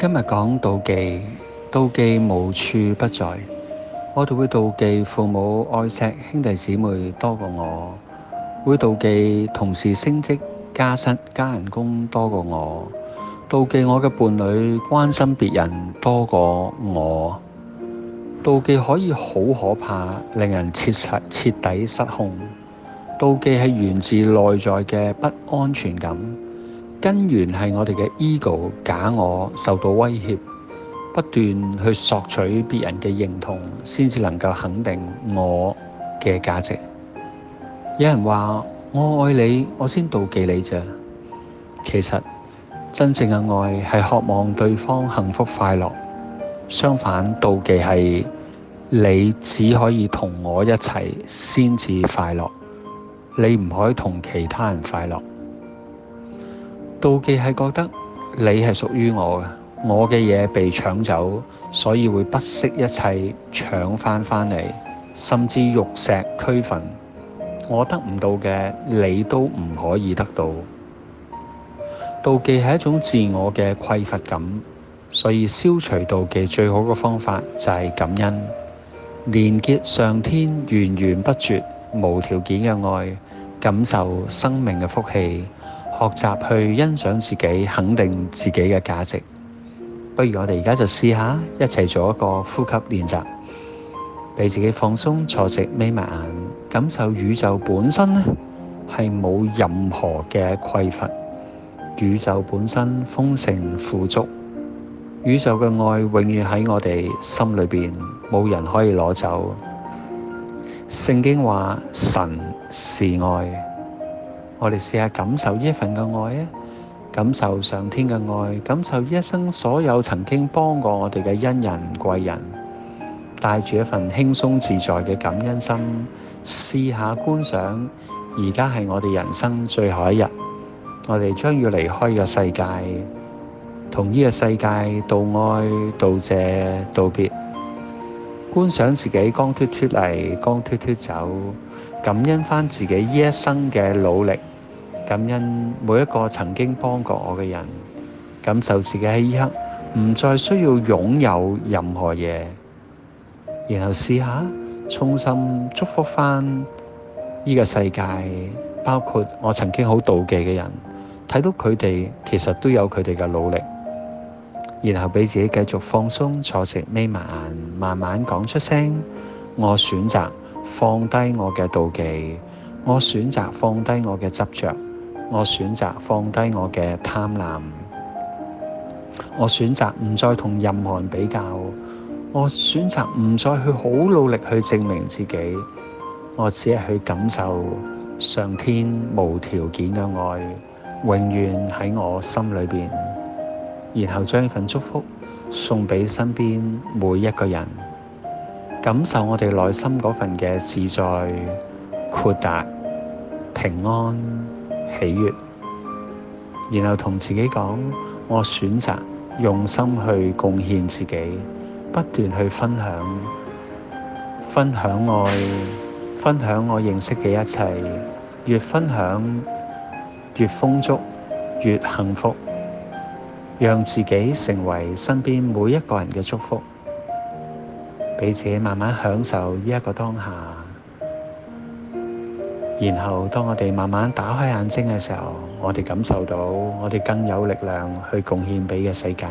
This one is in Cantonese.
今日講妒忌，妒忌無處不在。我哋會妒忌父母愛錫兄弟姊妹多過我，會妒忌同事升職加薪加人工多過我，妒忌我嘅伴侶關心別人多過我。妒忌可以好可怕，令人徹失徹底失控。妒忌係源自內在嘅不安全感。根源係我哋嘅 ego 假我受到威脅，不斷去索取別人嘅認同，先至能夠肯定我嘅價值。有人話：我愛你，我先妒忌你啫。其實真正嘅愛係渴望對方幸福快樂，相反妒忌係你只可以同我一齊先至快樂，你唔可以同其他人快樂。妒忌係覺得你係屬於我嘅，我嘅嘢被搶走，所以會不惜一切搶返返嚟，甚至玉石俱焚。我得唔到嘅，你都唔可以得到。妒忌係一種自我嘅匱乏感，所以消除妒忌最好嘅方法就係感恩，連結上天源源不絕、無條件嘅愛，感受生命嘅福氣。學習去欣賞自己，肯定自己嘅價值。不如我哋而家就試下，一齊做一個呼吸練習，俾自己放鬆，坐直，眯埋眼，感受宇宙本身呢係冇任何嘅匱乏。宇宙本身豐盛富足，宇宙嘅愛永遠喺我哋心裏邊，冇人可以攞走。聖經話：神是愛。我哋試下感受呢份嘅愛啊，感受上天嘅愛，感受一生所有曾經幫過我哋嘅恩人貴人，帶住一份輕鬆自在嘅感恩心，試下觀想而家係我哋人生最後一日，我哋將要離開嘅世界，同呢個世界道愛、道謝、道別，觀想自己光脫脫嚟，光脫脫走，感恩翻自己一生嘅努力。感恩每一個曾經幫過我嘅人，感受自己喺呢一刻唔再需要擁有任何嘢，然後試下衷心祝福翻呢個世界，包括我曾經好妒忌嘅人，睇到佢哋其實都有佢哋嘅努力，然後俾自己繼續放鬆坐直，眯埋眼，慢慢講出聲。我選擇放低我嘅妒忌，我選擇放低我嘅執着。我選擇放低我嘅貪婪，我選擇唔再同任何人比較，我選擇唔再去好努力去證明自己，我只係去感受上天無條件嘅愛，永遠喺我心裏邊，然後將一份祝福送俾身邊每一個人，感受我哋內心嗰份嘅自在、豁達、平安、喜悅，然後同自己講：我選擇用心去貢獻自己，不斷去分享，分享愛，分享我認識嘅一切。越分享越豐足，越幸福。讓自己成為身邊每一個人嘅祝福，俾自己慢慢享受呢一個當下。然後，當我哋慢慢打開眼睛嘅時候，我哋感受到我哋更有力量去貢獻畀嘅世界。